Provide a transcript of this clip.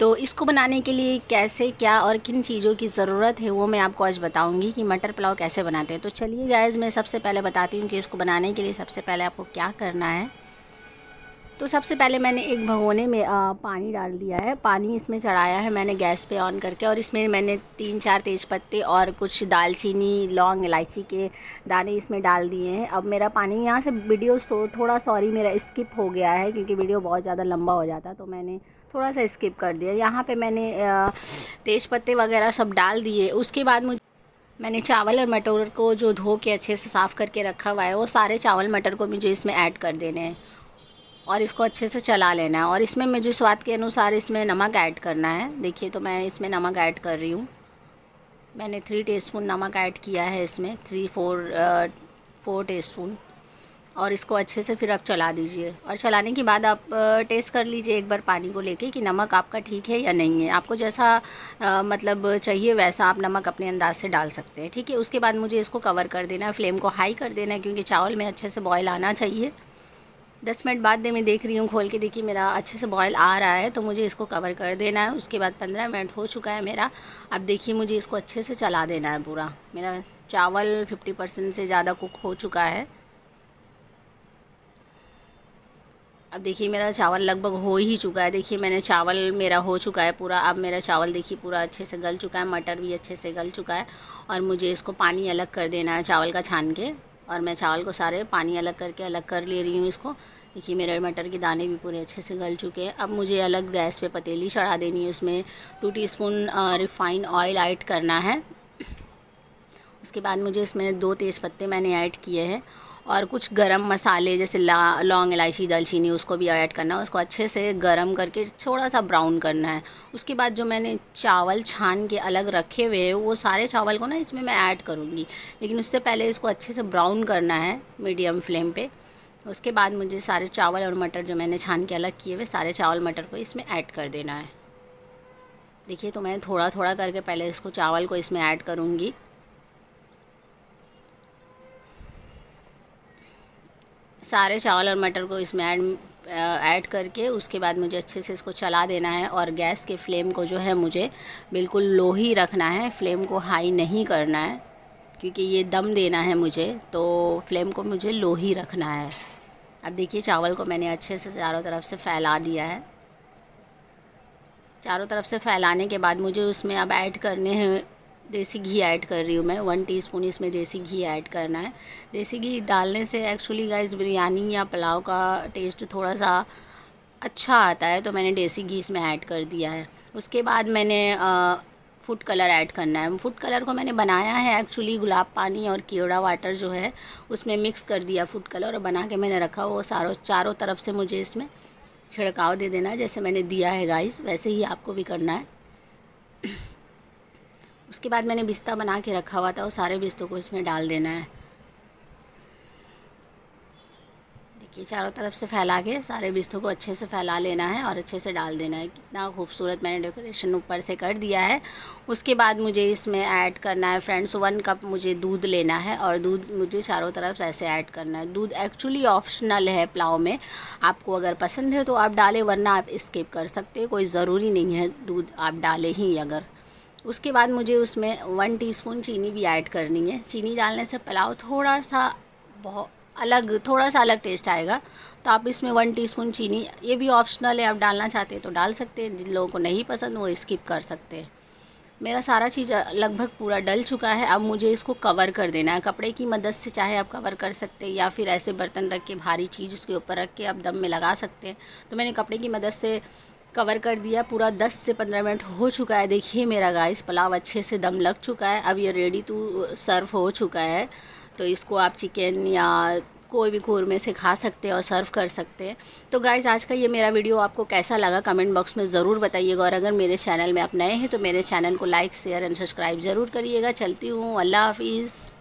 तो इसको बनाने के लिए कैसे क्या और किन चीज़ों की ज़रूरत है वो मैं आपको आज बताऊँगी कि मटर पुलाव कैसे बनाते हैं तो चलिए गाइज मैं सबसे पहले बताती हूँ कि इसको बनाने के लिए सबसे पहले आपको क्या करना है तो सबसे पहले मैंने एक भगोने में आ, पानी डाल दिया है पानी इसमें चढ़ाया है मैंने गैस पे ऑन करके और इसमें मैंने तीन चार तेज़ पत्ते और कुछ दालचीनी लौंग इलायची के दाने इसमें डाल दिए हैं अब मेरा पानी यहाँ से वीडियो थोड़ा सॉरी मेरा स्किप हो गया है क्योंकि वीडियो बहुत ज़्यादा लंबा हो जाता तो मैंने थोड़ा सा स्किप कर दिया यहाँ पर मैंने तेज़ पत्ते वगैरह सब डाल दिए उसके बाद मुझे मैंने चावल और मटर को जो धो के अच्छे से साफ़ करके रखा हुआ है वो सारे चावल मटर को भी जो इसमें ऐड कर देने हैं और इसको अच्छे से चला लेना है और इसमें मुझे स्वाद के अनुसार इसमें नमक ऐड करना है देखिए तो मैं इसमें नमक ऐड कर रही हूँ मैंने थ्री टीस्पून नमक ऐड किया है इसमें थ्री फोर फोर टीस्पून और इसको अच्छे से फिर आप चला दीजिए और चलाने के बाद आप टेस्ट कर लीजिए एक बार पानी को लेके कि नमक आपका ठीक है या नहीं है आपको जैसा आ, मतलब चाहिए वैसा आप नमक अपने अंदाज से डाल सकते हैं ठीक है उसके बाद मुझे इसको कवर कर देना है फ्लेम को हाई कर देना है क्योंकि चावल में अच्छे से बॉयल आना चाहिए दस मिनट बाद में मैं देख रही हूँ खोल के देखिए मेरा अच्छे से बॉयल आ रहा है तो मुझे इसको कवर कर देना है उसके बाद पंद्रह मिनट हो चुका है मेरा अब देखिए मुझे इसको अच्छे से चला देना है पूरा मेरा चावल फिफ्टी परसेंट से ज़्यादा कुक हो चुका है अब देखिए मेरा चावल लगभग हो ही चुका है देखिए मैंने चावल मेरा हो चुका है पूरा अब मेरा चावल देखिए पूरा अच्छे से गल चुका है मटर भी अच्छे से गल चुका है और मुझे इसको पानी अलग कर देना है चावल का छान के और मैं चावल को सारे पानी अलग करके अलग कर ले रही हूँ इसको देखिए मेरे मटर के दाने भी पूरे अच्छे से गल चुके हैं अब मुझे अलग गैस पे पतीली चढ़ा देनी है उसमें two teaspoon refine oil add करना है उसके बाद मुझे इसमें दो तेज़ पत्ते मैंने ऐड किए हैं और कुछ गरम मसाले जैसे ला लौंग इलायची दालचीनी उसको भी ऐड करना है उसको अच्छे से गरम करके थोड़ा सा ब्राउन करना है उसके बाद जो मैंने चावल छान के अलग रखे हुए हैं वो सारे चावल को ना इसमें मैं ऐड करूँगी लेकिन उससे पहले इसको अच्छे से ब्राउन करना है मीडियम फ्लेम पर उसके बाद मुझे सारे चावल और मटर जो मैंने छान के अलग किए हुए सारे चावल मटर को इसमें ऐड कर देना है देखिए तो मैं थोड़ा थोड़ा करके पहले इसको चावल को इसमें ऐड करूँगी सारे चावल और मटर को इसमें ऐड ऐड करके उसके बाद मुझे अच्छे से इसको चला देना है और गैस के फ्लेम को जो है मुझे बिल्कुल लो ही रखना है फ्लेम को हाई नहीं करना है क्योंकि ये दम देना है मुझे तो फ्लेम को मुझे लो ही रखना है अब देखिए चावल को मैंने अच्छे से चारों तरफ से फैला दिया है चारों तरफ से फैलाने के बाद मुझे उसमें अब ऐड करने हैं देसी घी ऐड कर रही हूँ मैं वन टीस्पून इसमें देसी घी ऐड करना है देसी घी डालने से एक्चुअली गाइस बिरयानी या पुलाव का टेस्ट थोड़ा सा अच्छा आता है तो मैंने देसी घी इसमें ऐड कर दिया है उसके बाद मैंने फूड कलर ऐड करना है फूड कलर को मैंने बनाया है एक्चुअली गुलाब पानी और कीड़ा वाटर जो है उसमें मिक्स कर दिया फूड कलर और बना के मैंने रखा वो सारों चारों तरफ से मुझे इसमें छिड़काव दे देना जैसे मैंने दिया है गाइस वैसे ही आपको भी करना है उसके बाद मैंने बिस्ता बना के रखा हुआ था वो सारे बिस्तों को इसमें डाल देना है देखिए चारों तरफ से फैला के सारे बिस्तों को अच्छे से फैला लेना है और अच्छे से डाल देना है कितना खूबसूरत मैंने डेकोरेशन ऊपर से कर दिया है उसके बाद मुझे इसमें ऐड करना है फ्रेंड्स वन कप मुझे दूध लेना है और दूध मुझे चारों तरफ से ऐसे ऐड करना है दूध एक्चुअली ऑप्शनल है पुलाव में आपको अगर पसंद है तो आप डालें वरना आप स्किप कर सकते कोई ज़रूरी नहीं है दूध आप डालें ही अगर उसके बाद मुझे उसमें वन टीस्पून चीनी भी ऐड करनी है चीनी डालने से पुलाव थोड़ा सा बहुत अलग थोड़ा सा अलग टेस्ट आएगा तो आप इसमें वन टीस्पून चीनी ये भी ऑप्शनल है आप डालना चाहते हैं तो डाल सकते हैं जिन लोगों को नहीं पसंद वो स्किप कर सकते हैं मेरा सारा चीज़ लगभग पूरा डल चुका है अब मुझे इसको कवर कर देना है कपड़े की मदद से चाहे आप कवर कर सकते हैं या फिर ऐसे बर्तन रख के भारी चीज़ उसके ऊपर रख के आप दम में लगा सकते हैं तो मैंने कपड़े की मदद से कवर कर दिया पूरा 10 से 15 मिनट हो चुका है देखिए मेरा गाइस पुलाव अच्छे से दम लग चुका है अब ये रेडी टू सर्व हो चुका है तो इसको आप चिकन या कोई भी में से खा सकते हैं और सर्व कर सकते हैं तो गाइज़ आज का ये मेरा वीडियो आपको कैसा लगा कमेंट बॉक्स में ज़रूर बताइएगा और अगर मेरे चैनल में आप नए हैं तो मेरे चैनल को लाइक शेयर एंड सब्सक्राइब ज़रूर करिएगा चलती हूँ अल्लाह हाफिज़